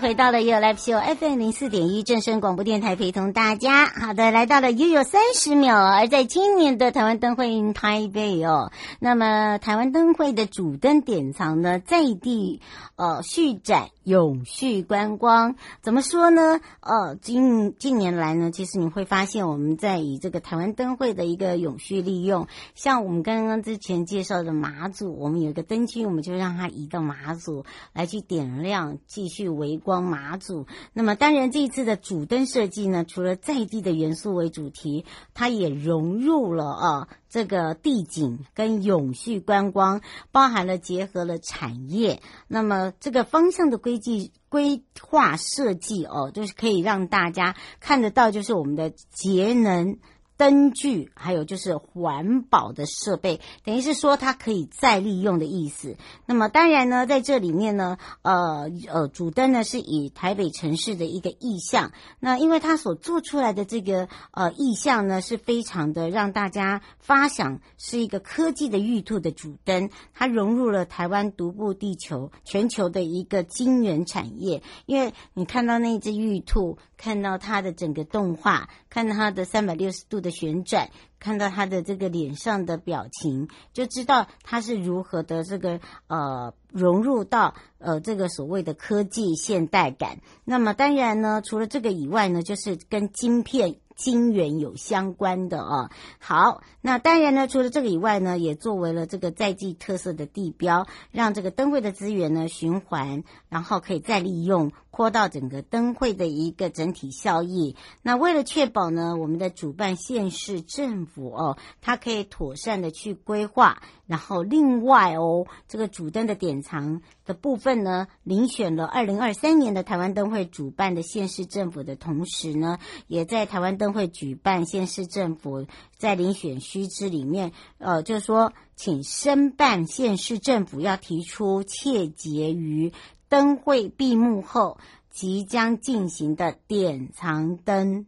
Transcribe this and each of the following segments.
回到了悠悠 Live Show FM 零四點一正聲廣播電臺，陪同大家。好的，來到了悠悠三十秒。而在今年的台灣燈會 in 台北哦，那麼台灣燈會的主燈典藏呢，在地呃續展。永續觀光，怎麼說呢？呃，近近年來呢，其實你會發現我們在以這個台灣燈會的一個永續利用，像我們剛剛之前介紹的馬祖，我們有一個燈區，我們就讓它移到馬祖來去點亮，繼續圍光馬祖。那麼當然這一次的主燈設計呢，除了在地的元素為主題，它也融入了啊。這個地景跟永續觀光，包含了結合了產業，那麼這個方向的規劃規劃設計哦，就是可以讓大家看得到，就是我們的節能。燈具，還有就是環保的設備，等於是說它可以再利用的意思。那麼當然呢，在這裡面呢，呃呃，主燈呢是以台北城市的一個意象。那因為它所做出來的這個呃意象呢，是非常的讓大家發想，是一個科技的玉兔的主燈。它融入了台灣獨步地球全球的一個晶圓產業。因為你看到那隻玉兔，看到它的整個動畫，看到它的三百六十度的。旋轉，看到他的這個臉上的表情，就知道他是如何的這個呃融入到呃這個所謂的科技現代感。那麼當然呢，除了這個以外呢，就是跟晶片、晶圓有相關的啊、哦。好，那當然呢，除了這個以外呢，也作為了這個在地特色的地標，讓這個燈會的資源呢循環，然後可以再利用。擴到整個燈會的一個整體效益。那為了確保呢，我們的主辦縣市政府哦，它可以妥善的去規劃。然後另外哦，這個主燈的典藏的部分呢，遴選了二零二三年的台灣燈會主辦的縣市政府的同時呢，也在台灣燈會舉辦縣市政府在遴選須知裡面，呃，就是說，請申辦縣市政府要提出切結於。燈會閉幕後即將進行的典藏燈，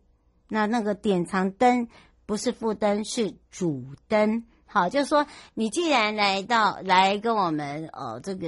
那那個典藏燈不是副燈，是主燈。好，就說你既然來到來跟我們哦，這個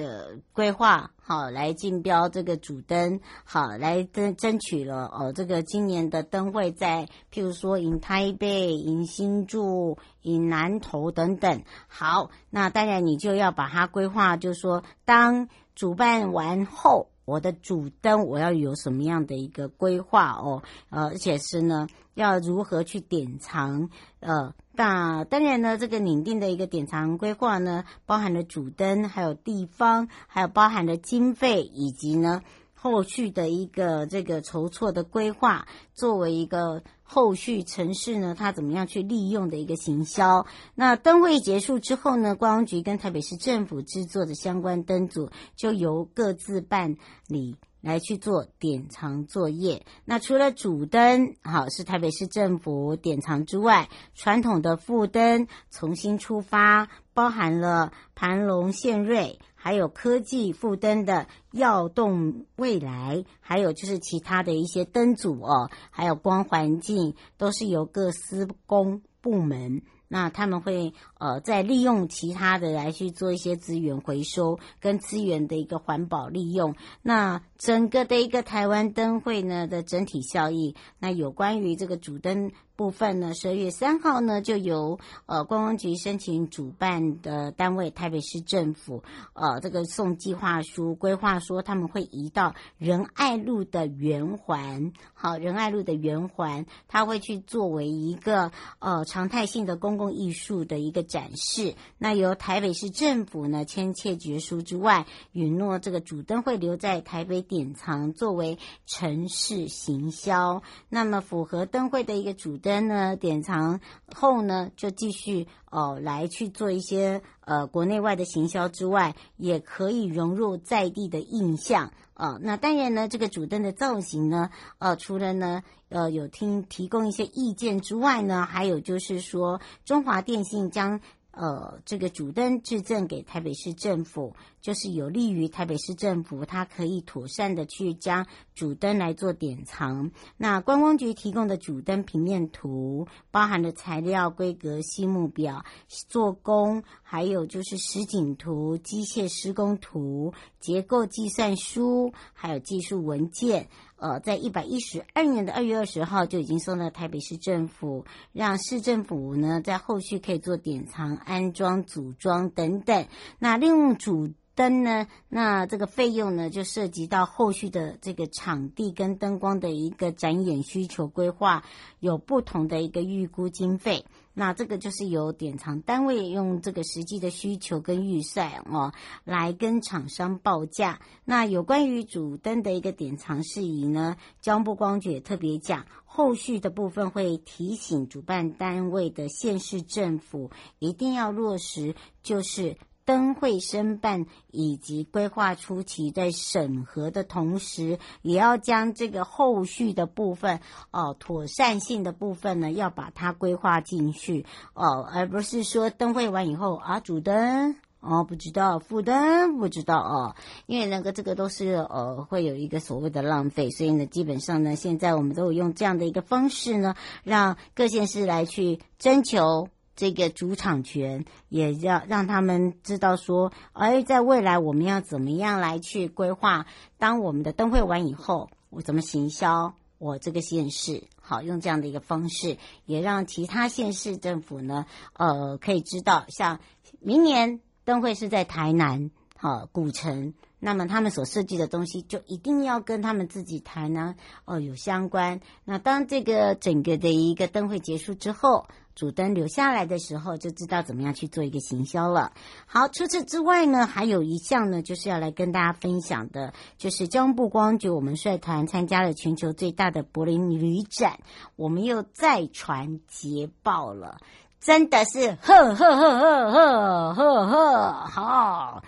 規劃好來競標這個主燈，好來爭爭取了哦這個今年的燈會在譬如說迎臺北、迎新竹、迎南投等等，好，那當然你就要把它規劃，就說當。主辦完後，我的主燈我要有什麼樣的一個規劃哦？呃，而且是呢，要如何去典藏？呃，那當然呢，這個擬定的一個典藏規劃呢，包含了主燈，還有地方，還有包含的經費，以及呢。後續的一個這個籌措的規劃，作為一個後續城市呢，它怎麼樣去利用的一個行銷？那燈會結束之後呢，觀光局跟台北市政府制作的相關燈組就由各自辦理來去做典藏作業。那除了主燈，好是台北市政府典藏之外，傳統的副燈重新出發，包含了盤龍、獻瑞。還有科技副燈的耀動未來，還有就是其他的一些燈組哦，還有光環境都是由各施工部門，那他們會呃再利用其他的來去做一些資源回收跟資源的一個環保利用。那整個的一個台灣燈會呢的整體效益，那有關於這個主燈。部分呢，十二月三號呢，就由呃觀光局申請主辦的單位台北市政府，呃，這個送計劃書規劃說他們會移到仁愛路的圓環，好，仁愛路的圓環，他會去作為一個呃常態性的公共藝術的一個展示。那由台北市政府呢簽切結書之外，允諾這個主燈會留在台北典藏，作為城市行銷。那麼符合燈會的一個主燈呢，典藏後呢，就繼續哦、呃、來去做一些呃國內外的行銷之外，也可以融入在地的印象呃，那當然呢，這個主燈的造型呢，呃，除了呢呃有聽提供一些意見之外呢，還有就是說，中華電信將。呃，這個主燈致贈給台北市政府，就是有利於台北市政府，它可以妥善的去將主燈來做典藏。那觀光局提供的主燈平面圖，包含了材料規格、細目表、做工，還有就是實景圖、機械施工圖、結構計算書，還有技術文件。呃，在一百一十二年的二月二十號就已經送到台北市政府，讓市政府呢在後續可以做典藏、安裝、組裝等等。那另外主燈呢，那這個費用呢就涉及到後續的這個場地跟燈光的一個展演需求規劃，有不同的一個預估經費。那這個就是由典藏單位用這個實際的需求跟預算哦，來跟廠商報價。那有關於主燈的一個典藏事宜呢，交通部觀光局特別講，後續的部分會提醒主辦單位的縣市政府一定要落實，就是。燈會申辦以及規劃初期，在審核的同時，也要將這個後續的部分，哦，妥善性的部分呢，要把它規劃進去，哦，而不是說燈會完以後啊，主燈哦不知道，副燈不知道哦，因為那個這個都是呃、哦、會有一個所謂的浪費，所以呢，基本上呢，現在我們都有用這樣的一個方式呢，讓各縣市來去徵求。這個主場權也，也要讓他們知道說，哎，在未來我們要怎麼樣來去規劃？當我們的燈會完以後，我怎麼行銷我這個縣市？好，用這樣的一個方式，也讓其他縣市政府呢，呃，可以知道，像明年燈會是在台南好、啊、古城。那麼他們所設計的東西就一定要跟他們自己談呢，哦，有相關。那當這個整個的一個燈會結束之後，主燈留下來的時候，就知道怎麼樣去做一個行銷了。好，除此之外呢，還有一項呢，就是要來跟大家分享的，就是交通部觀光局我們率團參加了全球最大的柏林旅展，我們又再傳捷報了，真的是呵呵呵呵呵呵好。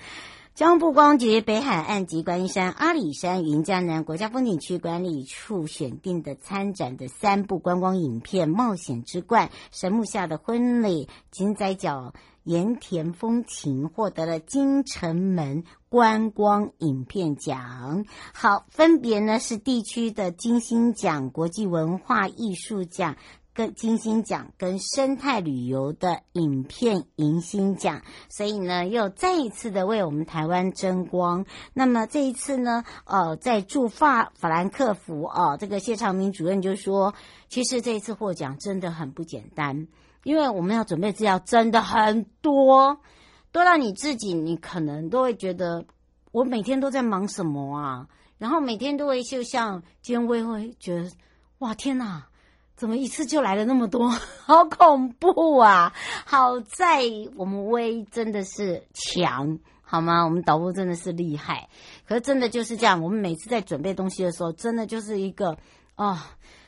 交通部觀光局、北海岸及觀音山、阿里山雲嘉南國家風景區管理處選定的參展的三部觀光影片《冒險之冠》、《神木下的婚禮》、《井仔腳鹽田風情》獲得了金城門觀光影片獎。好，分別呢是地區的金星獎、國際文化藝術獎。跟金星獎跟生態旅遊的影片迎星獎，所以呢又再一次的為我們台灣爭光。那麼這一次呢，呃，在駐法法蘭克福啊、呃，這個謝長明主任就說，其實這一次獲獎真的很不簡單，因為我們要準備資料真的很多，多到你自己你可能都會覺得我每天都在忙什麼啊？然後每天都會就像今天微微覺得哇天哪！怎麼一次就來了那麼多？好恐怖啊！好在我們威真的是強，好嗎？我們導播真的是厲害。可是真的就是這樣，我們每次在準備東西的時候，真的就是一個哦，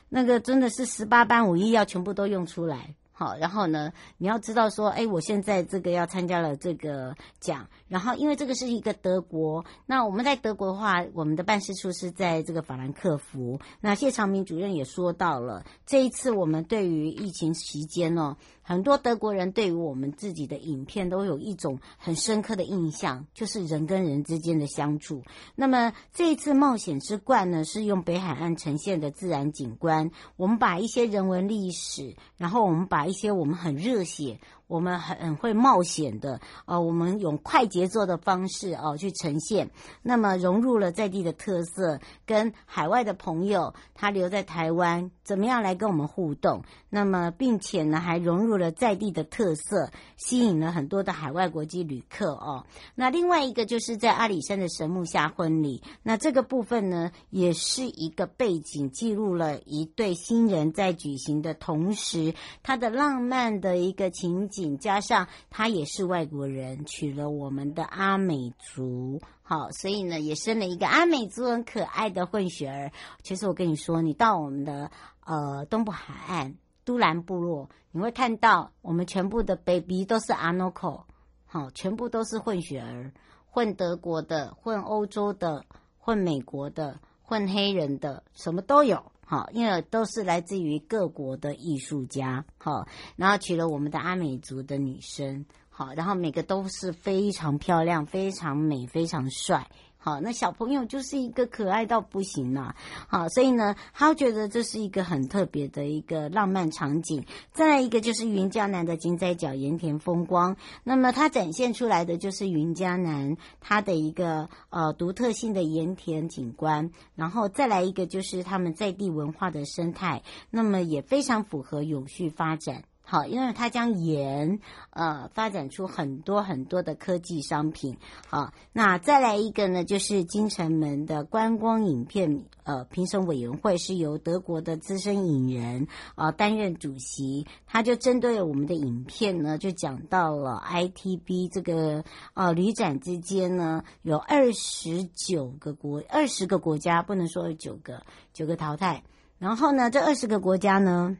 那個真的是十八般武藝要全部都用出來。好，然後呢，你要知道說，哎，我現在這個要參加了這個獎，然後因為這個是一個德國，那我們在德國的話，我們的辦事處是在這個法蘭克福。那謝長明主任也說到了，這一次我們對於疫情期間哦，很多德國人對於我們自己的影片都有一種很深刻的印象，就是人跟人之間的相處。那麼這一次冒險之冠呢，是用北海岸呈現的自然景觀，我們把一些人文歷史，然後我們把。一些我們很熱血。我們很很會冒險的，哦，我們用快節奏的方式哦去呈現，那麼融入了在地的特色，跟海外的朋友他留在台灣怎麼樣來跟我們互動？那麼並且呢，還融入了在地的特色，吸引了很多的海外國際旅客哦。那另外一個就是在阿里山的神木下婚禮，那這個部分呢，也是一個背景記錄了一對新人在舉行的同時，他的浪漫的一個情景。加上他也是外國人，娶了我們的阿美族，好，所以呢也生了一個阿美族很可愛的混血兒。其實我跟你說，你到我們的呃東部海岸都蘭部落，你會看到我們全部的 baby 都是 Anoko 好，全部都是混血兒，混德國的、混歐洲的、混美國的、混黑人的，什麼都有。好，因為都是來自於各國的藝術家，好，然後娶了我們的阿美族的女生，好，然後每個都是非常漂亮、非常美、非常帥。好，那小朋友就是一個可愛到不行了啊，好，所以呢，他覺得這是一個很特別的一個浪漫場景。再來一個就是雲嘉南的井仔腳鹽田風光，那麼它展現出來的就是雲嘉南它的一個呃獨特性的鹽田景觀，然後再來一個就是他們在地文化的生態，那麼也非常符合永續發展。好，因為它將鹽呃發展出很多很多的科技商品。好，那再來一個呢，就是金城門的觀光影片呃評審委員會是由德國的資深影人啊、呃、擔任主席，他就針對我們的影片呢，就講到了 ITB 這個啊、呃、旅展之間呢，有二十九個國二十個國家，不能說有九個九個淘汰，然後呢，這二十個國家呢。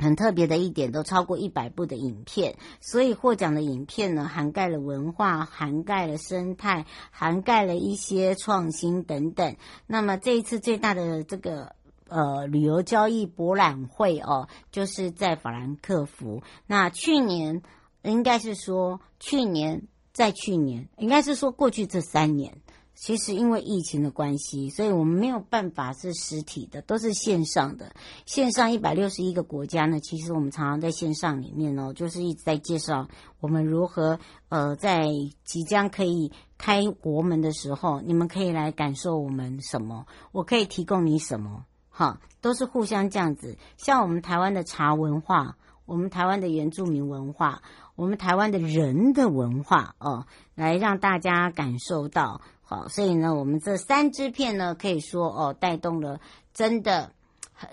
很特別的一點，都超過一百部的影片，所以獲獎的影片呢，涵蓋了文化，涵蓋了生態，涵蓋了一些創新等等。那麼這一次最大的這個呃旅遊交易博覽會哦、喔，就是在法蘭克福。那去年應該是說，去年在去年應該是說過去這三年。其實因為疫情的關係，所以我們沒有辦法是實體的，都是線上的。線上一百六十一個國家呢，其實我們常常在線上裡面哦，就是一直在介紹我們如何呃，在即將可以開國門的時候，你們可以來感受我們什麼，我可以提供你什麼，哈，都是互相這樣子。像我們台灣的茶文化，我們台灣的原住民文化，我們台灣的人的文化哦，來讓大家感受到。好，所以呢，我們這三支片呢，可以說哦，帶動了真的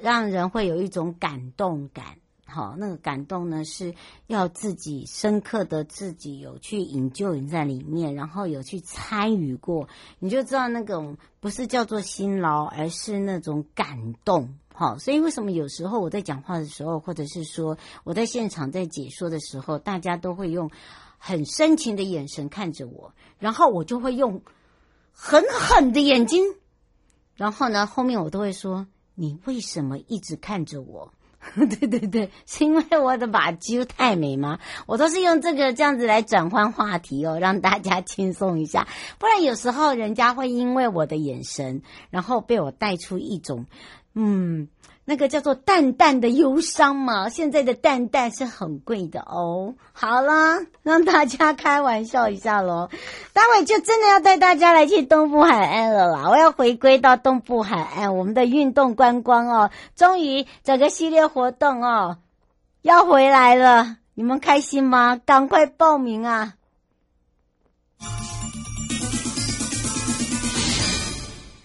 讓人會有一種感動感。好，那個感動呢，是要自己深刻的自己有去營救人在裡面，然後有去參與過，你就知道那種不是叫做辛勞，而是那種感動。好，所以為什麼有時候我在講話的時候，或者是說我在現場在解說的時候，大家都會用很深情的眼神看着我，然後我就會用。狠狠的眼睛，然後呢，後面我都會說：“你為什麼一直看着我？” 對對對，是因為我的馬 j 太美嗎？我都是用這個這樣子來轉換話題哦，讓大家輕鬆一下。不然有時候人家會因為我的眼神，然後被我帶出一種。嗯，那個叫做“淡淡的憂傷”嘛，現在的蛋蛋是很貴的哦。好啦，讓大家開玩笑一下嘍，待會就真的要帶大家來去東部海岸了啦！我要回歸到東部海岸，我們的運動觀光哦，終於整個系列活動哦，要回來了，你們開心嗎？趕快報名啊！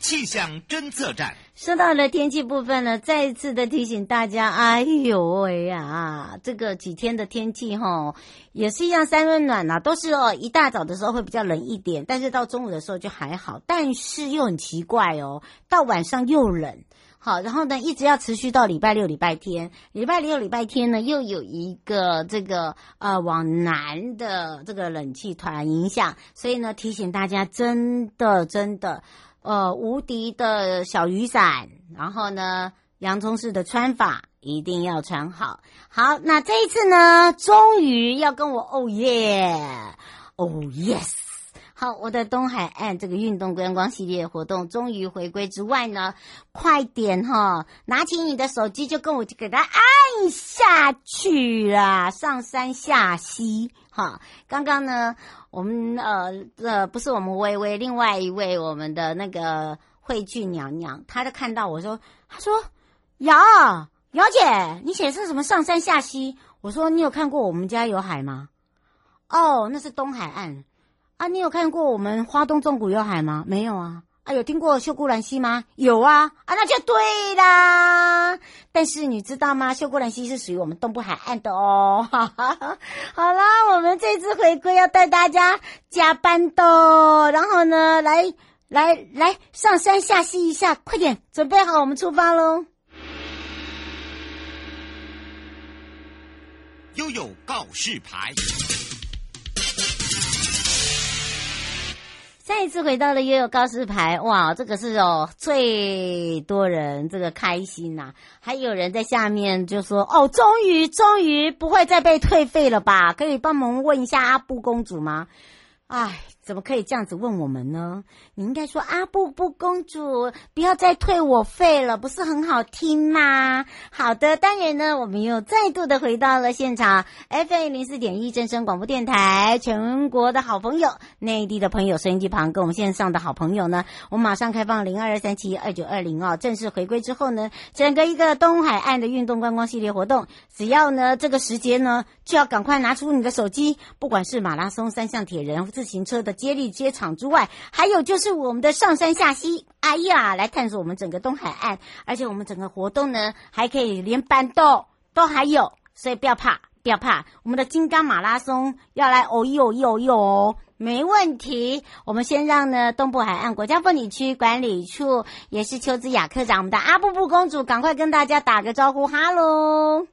氣象偵測站。說到了天氣部分呢，再一次的提醒大家，哎呦喂呀啊，這個幾天的天氣哈，也是一樣，三溫暖啊，都是哦，一大早的時候會比較冷一點，但是到中午的時候就還好，但是又很奇怪哦，到晚上又冷。好，然後呢，一直要持續到禮拜六、禮拜天，禮拜六、禮拜天呢，又有一個這個呃往南的這個冷氣團影響，所以呢，提醒大家，真的，真的。呃，無敵的小雨傘，然後呢，洋蔥式的穿法一定要穿好。好，那這一次呢，終於要跟我哦耶，哦、oh yeah! oh、yes，好，我的東海岸這個運動觀光系列活動終於回歸之外呢，快點哈，拿起你的手機就跟我就給它按下去啦，上山下溪哈，剛剛呢。我們呃呃不是我們微微，另外一位我們的那個慧聚娘娘，她就看到我說，她說姚姚姐，你寫的什麼上山下西？我說你有看過我們家有海嗎？哦、oh，那是東海岸啊，你有看過我們花東縱谷有海嗎？沒有啊。啊有聽過秀姑巒溪嗎？有啊，啊，那就對啦。但是你知道嗎？秀姑巒溪是屬於我們東部海岸的哦。哈哈好了，我們這次回歸要帶大家加班的，然後呢，來來來,來，上山下溪一下，快點，準備好，我們出發嘍。YOYO 告示牌。再一次回到了 YOYO 告示牌，哇，這個是哦，最多人這個開心吶、啊！還有人在下面就說：“哦，終於，終於不會再被退費了吧？可以幫忙問一下阿布公主嗎？”哎。怎麼可以這樣子問我們呢？你應該說阿布布公主，不要再退我費了，不是很好聽嗎？好的，當然呢，我們又再度的回到了現場 FM 零四點一，正聲廣播電台，全國的好朋友，內地的朋友，收音機旁跟我們線上的好朋友呢，我們馬上開放零二二三七二九二零，哦，正式回歸之後呢，整個一個東海岸的運動觀光系列活動，只要呢這個時間呢，就要趕快拿出你的手機，不管是馬拉松、三項鐵人、自行車的。接力接場之外，還有就是我們的上山下溪，哎呀，來探索我們整個東海岸，而且我們整個活動呢，還可以連板凳都還有，所以不要怕，不要怕，我們的金剛馬拉松要來哦喲喲喲，沒問題。我們先讓呢東部海岸國家風景區管理處，也是邱資雅課長，我們的阿布布公主，趕快跟大家打個招呼，哈嘍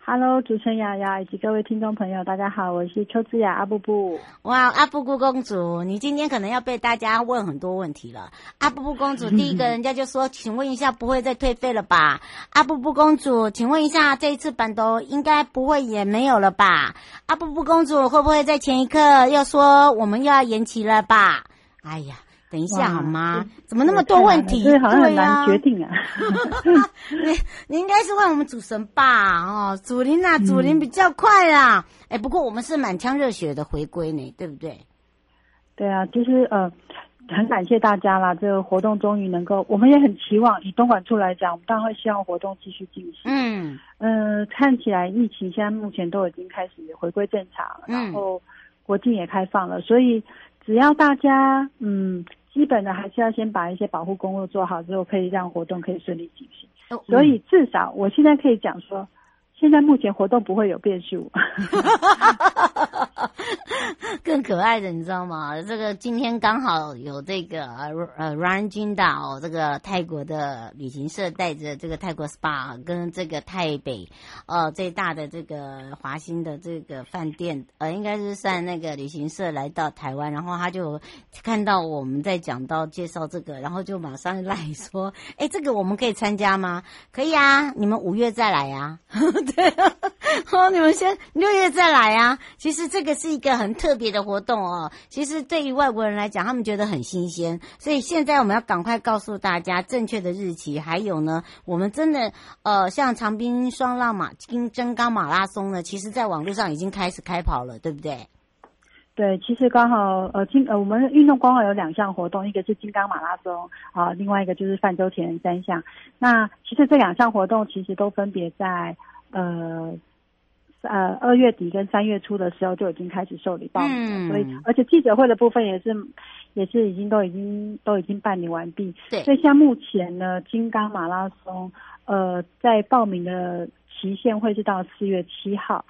哈嘍，Hello, 主持人雅雅以及各位聽眾朋友，大家好，我是邱資雅阿布布。哇，wow, 阿布布公主，你今天可能要被大家問很多問題了。阿布布公主，第一個人家就說， 請問一下，不會再退費了吧？阿布布公主，請問一下，這一次版圖應該不會也沒有了吧？阿布布公主，會不會在前一刻又說我們又要延期了吧？哎呀。等一下，哇好嗎？對怎麼那麼多問題？對，好像很難決定啊！你你應該是問我們主神吧、啊？哦，主靈娜、啊，主靈比較快啊！哎、嗯欸，不過我們是滿腔熱血的回歸呢，對不對？對啊，就是呃，很感謝大家啦！這個活動終於能夠，我們也很期望。以東管處來講，我們當然會希望活動繼續進行。嗯嗯、呃，看起來疫情現在目前都已經開始回歸正常了，嗯、然後國境也開放了，所以只要大家嗯。基本的還是要先把一些保護工作做好之後，可以讓活動可以順利進行。所以至少我現在可以講說，現在目前活動不會有變數。 更可愛的，你知道嗎？這個今天剛好有這個呃呃 r a n n i n g 這個泰國的旅行社帶着這個泰國 SPA 跟這個泰北呃最大的這個華興的這個飯店呃，應該是算那個旅行社來到台灣，然後他就看到我們在講到介紹這個，然後就馬上來說：“哎，這個我們可以參加嗎？可以啊，你們五月再來呀，對啊，好，你們先六月再來呀，啊。其實這個是。”一個很特別的活動哦，其實對於外國人來講，他們覺得很新鮮，所以現在我們要趕快告訴大家正確的日期。還有呢，我們真的呃，像長濱雙浪馬金金剛馬拉松呢，其實在網絡上已經開始開跑了，對不對？對，其實剛好呃，金呃，我們運動觀光有兩項活動，一個是金剛馬拉松啊、呃，另外一個就是泛舟田三項。那其實這兩項活動其實都分別在呃。呃，二月底跟三月初的時候就已經開始受理報名了，嗯、所以而且記者會的部分也是，也是已經都已經都已經辦理完畢。對，所以像目前呢，金剛馬拉松，呃，在報名的期限會是到四月七號，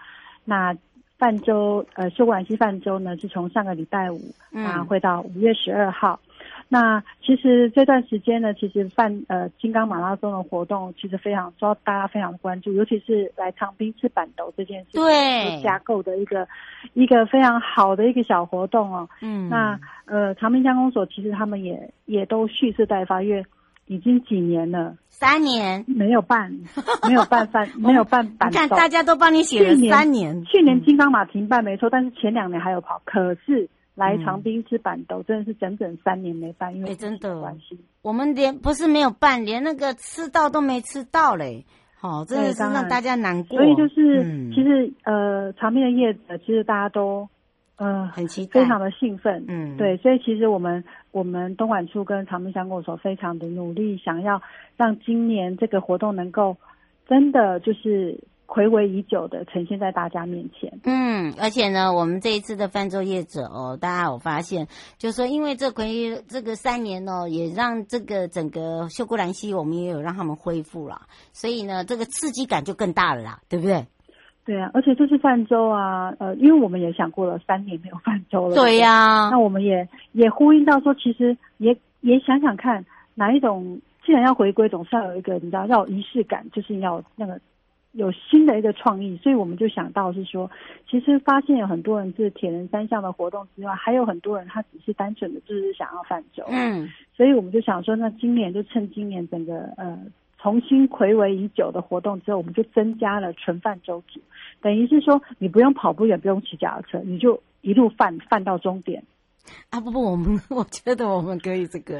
那泛舟呃，秀姑巒溪泛舟呢是從上個禮拜五啊會到五月十二號。嗯那其實這段時間呢，其實辦呃金剛馬拉松的活動，其實非常受大家非常關注，尤其是來長濱吃板豆這件事，對，加購的一個一個非常好的一個小活動哦。嗯，那呃長濱鄉公所其實他們也也都蓄勢待發，因為已經幾年了，三年沒有辦，沒有辦辦， 沒有辦板，你看大家都幫你寫了年三年，去年金剛馬停辦沒錯，嗯，但是前兩年還有跑，可是。來長濱吃板豆，嗯、真的是整整三年沒辦，因為、欸、真的，我們連不是沒有辦，連那個吃到都沒吃到嘞。好、哦，真的是剛剛讓大家難過。所以就是，嗯、其實呃，長濱的業者，其實大家都呃很非常的興奮。嗯，對。所以其實我們我們東管處跟長濱鄉公所非常的努力，想要讓今年這個活動能夠真的就是。暌違已久的呈現在大家面前。嗯，而且呢，我們這一次的泛舟業者，哦，大家有發現，就是說因為這回這個三年呢、哦，也讓這個整個秀姑巒溪，我們也有讓他們恢復了，所以呢，這個刺激感就更大了啦，對不對？對啊，而且這次泛舟啊，呃，因為我們也想過了，三年沒有泛舟了，對呀、啊，那我們也也呼應到說，其實也也想想看，哪一種既然要回歸，總是要有一個你知道，要儀式感，就是要那個。有新的一個創意，所以我們就想到是說，其實發現有很多人是鐵人三項的活動之外，還有很多人他只是單純的就是想要泛舟。嗯，所以我們就想說，那今年就趁今年整個呃重新睽違已久的活動之後，我們就增加了純泛舟組，等於是說你不用跑步，也不用騎腳踏車，你就一路泛泛到終點。啊不不，我們我覺得我們可以這個，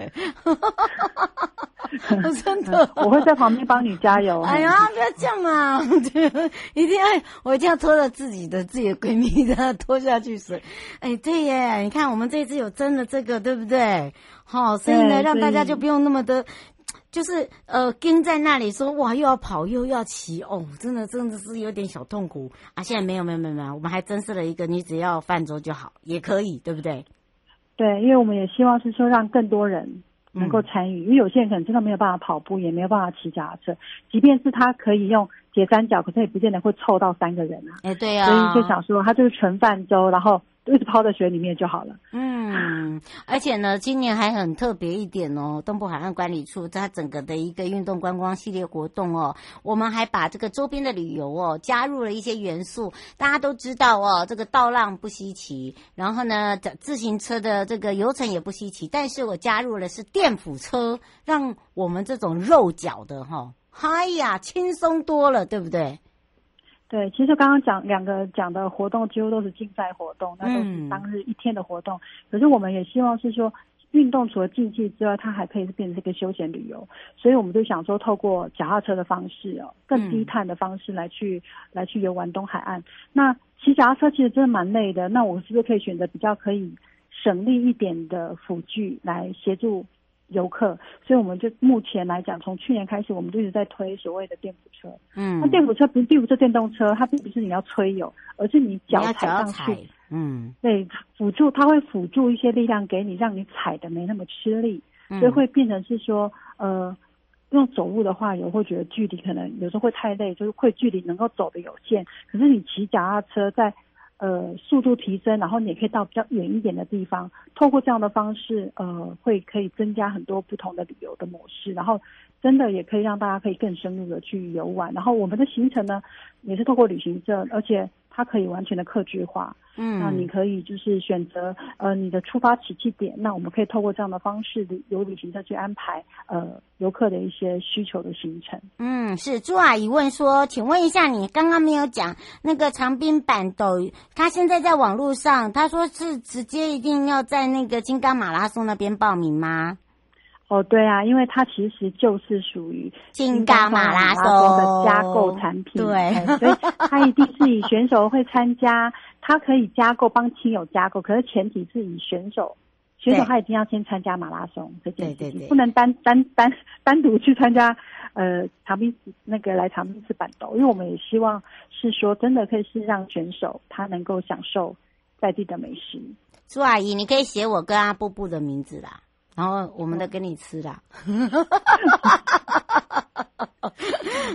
真的，我會在旁邊幫你加油、啊。哎呀，不要這樣對、啊、 一定哎，我一定要拖着自己的自己的閨蜜的拖下去是。哎，對耶，你看我們這一次有真的這個，對不對？好對，所以呢，讓大家就不用那麼的，對就是呃，跟在那裡說哇，又要跑又要騎，哦，真的真的是有點小痛苦啊。現在沒有沒有沒有沒有，我們還增設了一個，你只要泛舟就好，也可以，對不對？對，因為我們也希望是說讓更多人能夠參與，嗯、因為有些人可能真的沒有辦法跑步，也沒有辦法騎腳踏車，即便是他可以用鐵三角，可是也不見得會湊到三個人啊。哎、欸，對呀、啊，所以就想說，他就是純泛舟，然後。一直泡在水裡面就好了。嗯，而且呢，今年還很特別一點哦，東部海岸管理處它整個的一個運動觀光系列活動哦，我們還把這個周邊的旅遊哦加入了一些元素。大家都知道哦，這個道浪不稀奇，然後呢，自自行車的這個遊程也不稀奇，但是我加入了是電輔車，讓我們這種肉腳的哈、哦，嗨、哎、呀，輕鬆多了，對不對？對，其實剛剛講兩個講的活動，幾乎都是競賽活動，那都是當日一天的活動。嗯、可是我們也希望是說，運動除了競技之外，它還可以變成一個休閒旅遊。所以我們就想說，透過腳踏車的方式哦，更低碳的方式來去、嗯、來去遊玩東海岸。那騎腳踏車其實真的蠻累的，那我是不是可以選擇比較可以省力一點的輔具來協助？遊客，所以我們就目前來講，從去年開始，我們就一直在推所謂的電輔車。嗯，那電輔車並不是電動車，它並不是你要催油，而是你腳踩上去，嗯，對，輔助，它會輔助一些力量給你，讓你踩的沒那麼吃力，所以會變成是說，呃，用走路的話也會覺得距離可能有時候會太累，就是會距離能夠走得有限，可是你騎腳踏車在。呃，速度提升，然後你也可以到比較遠一點的地方，透過這樣的方式，呃，會可以增加很多不同的旅遊的模式，然後真的也可以讓大家可以更深入的去遊玩，然後我們的行程呢，也是透過旅行社，而且。它可以完全的客製化，嗯。那你可以就是選擇呃你的出發起訖點，那我們可以透過這樣的方式遊、旅行社去安排呃遊客的一些需求的行程。嗯，是朱阿姨問說，請問一下你剛剛沒有講那個長濱版抖，他現在在網絡上，他說是直接一定要在那個金剛馬拉松那邊報名嗎？哦，oh, 對啊，因為它其實就是屬於金剛馬拉松的加購產品，對、 嗯，所以他一定是以選手會參加，他可以加購幫親友加購，可是前提是以選手選手他一定要先參加馬拉松這件事情對對對對不能單單單單獨去參加呃長濱那個來長濱辦桌，因為我們也希望是說真的可以是讓選手他能夠享受在地的美食。朱阿姨，你可以寫我跟阿布布的名字啦。然後我們的給你吃的，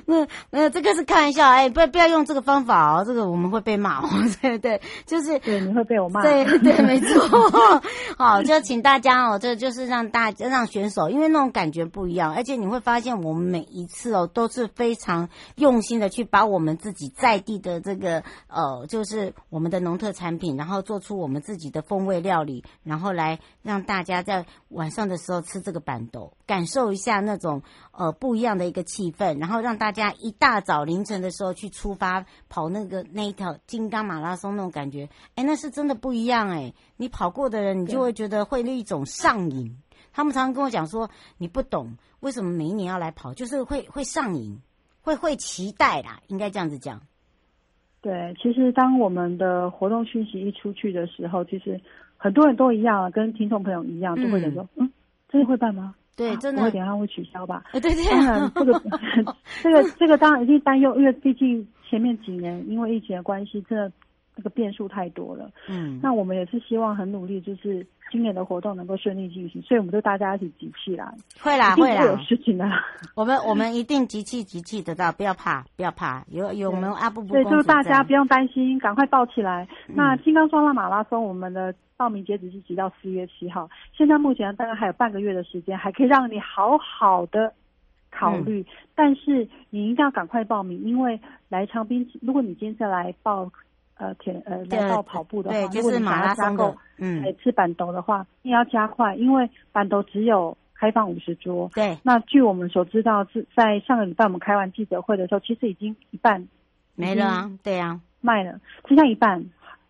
那那這個是開玩笑，哎、欸，不要不要用這個方法哦，這個我們會被罵，哦，對不對，就是對你會被我罵，對對，沒錯， 好，就請大家哦，這就，就是讓大家讓選手，因為那種感覺不一樣，而且你會發現我們每一次哦都是非常用心的去把我們自己在地的這個哦、呃、就是我們的農特產品，然後做出我們自己的風味料理，然後來讓大家在玩。晚上的時候吃這個板豆，感受一下那種呃不一樣的一個氣氛，然後讓大家一大早凌晨的時候去出發跑那個那一條金剛馬拉松那種感覺，哎、欸，那是真的不一樣哎、欸！你跑過的人，你就會覺得會那一種上癮。對他們常常跟我講說，你不懂為什麼每一年要來跑，就是會會上癮，會會期待啦。應該這樣子講。對，其實當我們的活動訊息一出去的時候，其實。很多人都一樣啊，跟聽眾朋友一樣，嗯、都會在說：“嗯，真、這、的、個、會辦嗎？對，啊、真的不會等下會取消吧？”對對，對當然這個 這個這個當然一定擔憂，因為畢竟前面幾年因為疫情的關係，這個。這個變數太多了，嗯，那我們也是希望很努力，就是今年的活動能夠順利進行，所以我們就大家一起集氣啦，會啦，一定會啦，有事情的，我們我們一定集氣集氣得到，不要怕，不要怕，有有我們阿布布、嗯，對，就是大家不用擔心，趕快報起來。嗯、那金剛雙浪馬拉松，我們的報名截止是直到四月七號，現在目前大概還有半個月的時間，還可以讓你好好的考慮，嗯、但是你一定要趕快報名，因為來長濱，如果你接下來報。呃，鐵呃，然後對跑步的話，就是馬拉松夠嗯，吃辦桌的話，你、嗯、要加快，因為辦桌只有開放五十桌。對。那據我們所知道，是在上個禮拜我們開完記者會的時候，其實已經一半經了沒了啊。對啊，賣了，剩下一半，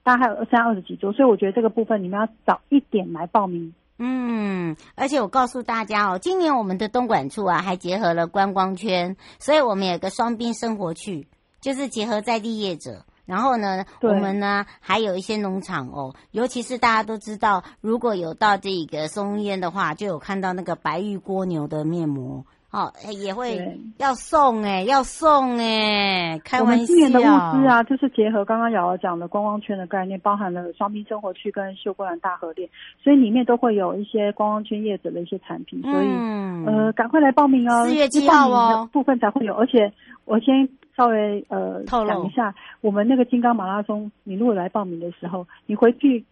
大概還有二三二十幾桌，所以我覺得這個部分你們要早一點來報名。嗯，而且我告訴大家哦，今年我們的東管處啊，還結合了觀光圈，所以我們有個雙兵生活區，就是結合在地業者。然後呢，對我們呢還有一些農場哦，尤其是大家都知道，如果有到這個松煙的話，就有看到那個白玉蝸牛的面膜哦、欸，也會對要送誒、欸、要送誒、欸、開玩笑。今年的物資啊，就是結合剛剛 YOYO 講的觀光圈的概念，包含了雙濱生活區跟秀姑巒大合店，所以裡面都會有一些觀光圈業者的一些產品，嗯、所以呃，趕快來報名哦，四月七號、哦、報名的部分才會有，而且我先。稍微呃，透露一下我們那個金剛馬拉松，你如果來報名的時候，你回去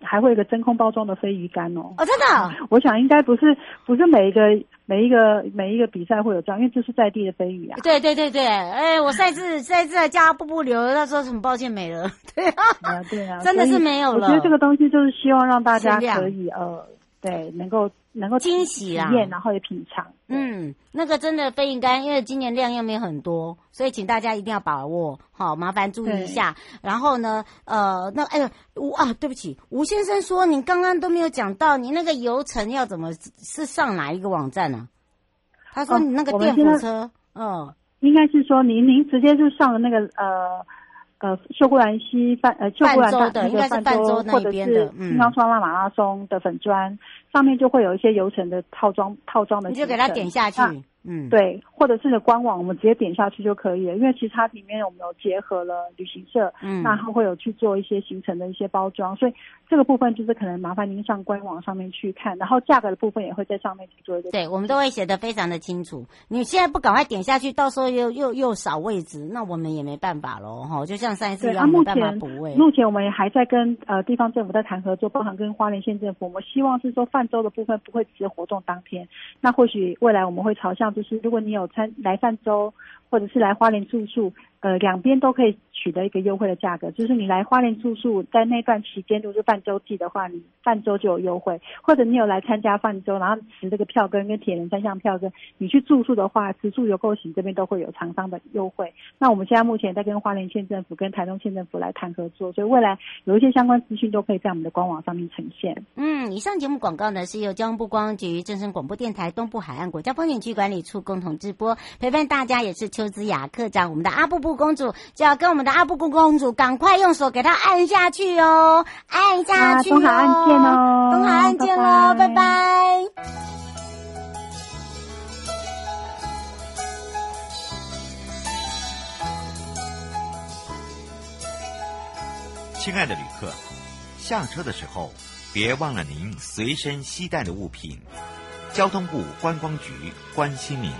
還會有個真空包裝的飛魚乾哦。哦，真的、啊？我想應該不是，不是每一個每一個每一個比賽會有這樣，因為這是在地的飛魚啊。對對對對，哎，我賽次賽次在家步步流，那時候很抱歉沒了。對 啊、呃，對啊，真的是沒有了。我覺得這個東西就是希望讓大家可以量呃，對，能夠。能夠驚喜啊，然後也品嘗。嗯，那個真的非應該因為今年量又沒有很多，所以請大家一定要把握，好麻煩注意一下。對 然後呢，呃，那哎呀，吳啊，對不起，吳先生說你剛剛都沒有講到，你那個流程要怎麼是上哪一個網站呢、啊？他說、哦、你那個電火車，嗯，應該是說您您直接就上了那個呃。呃，秀姑巒溪泛呃秀姑巒的那個泛舟，或者是金剛雙辣馬拉松的粉專，嗯、上面就會有一些遊程的套裝套裝的，你就給它點下去。啊嗯，對，或者是你的官網，我們直接點下去就可以了。因為其實它裡面我們有結合了旅行社，嗯，那它會有去做一些行程的一些包裝，所以這個部分就是可能麻煩您上官網上面去看。然後價格的部分也會在上面去做一個。對，我們都會寫得非常的清楚。你現在不趕快點下去，到時候又又又少位置，那我們也沒辦法嘍，哈。就像上一次樣，對，它目前沒辦法補位。目前我們還在跟呃地方政府在談合作，包含跟花蓮縣政府，我們希望是說泛舟的部分不會只是活動當天，那或許未來我們會朝向。就是如果你有參來泛舟，或者是來花蓮住宿。呃，兩邊都可以取得一個優惠的價格。就是你來花蓮住宿，在那段時間如果是泛舟季的話，你泛舟就有優惠；或者你有來參加泛舟，然後持這個票根跟鐵人三項票根，你去住宿的話，食住遊購行這邊都會有廠商的優惠。那我們現在目前在跟花蓮縣政府跟台東縣政府來談合作，所以未來有一些相關資訊都可以在我們的官網上面呈現。嗯，以上節目廣告呢是由交通部觀光局、正聲廣播電台、東部海岸國家風景區管理處共同直播，陪伴大家也是邱資雅課長，我們的阿布布。布公主就要跟我們的阿布布公主趕快用手給她按下去哦，按下去哦，東海岸見嘍，東海岸見嘍，哦哦哦、拜拜。親愛的旅客，下車的時候別忘了您隨身攜帶的物品。交通部觀光局關心您。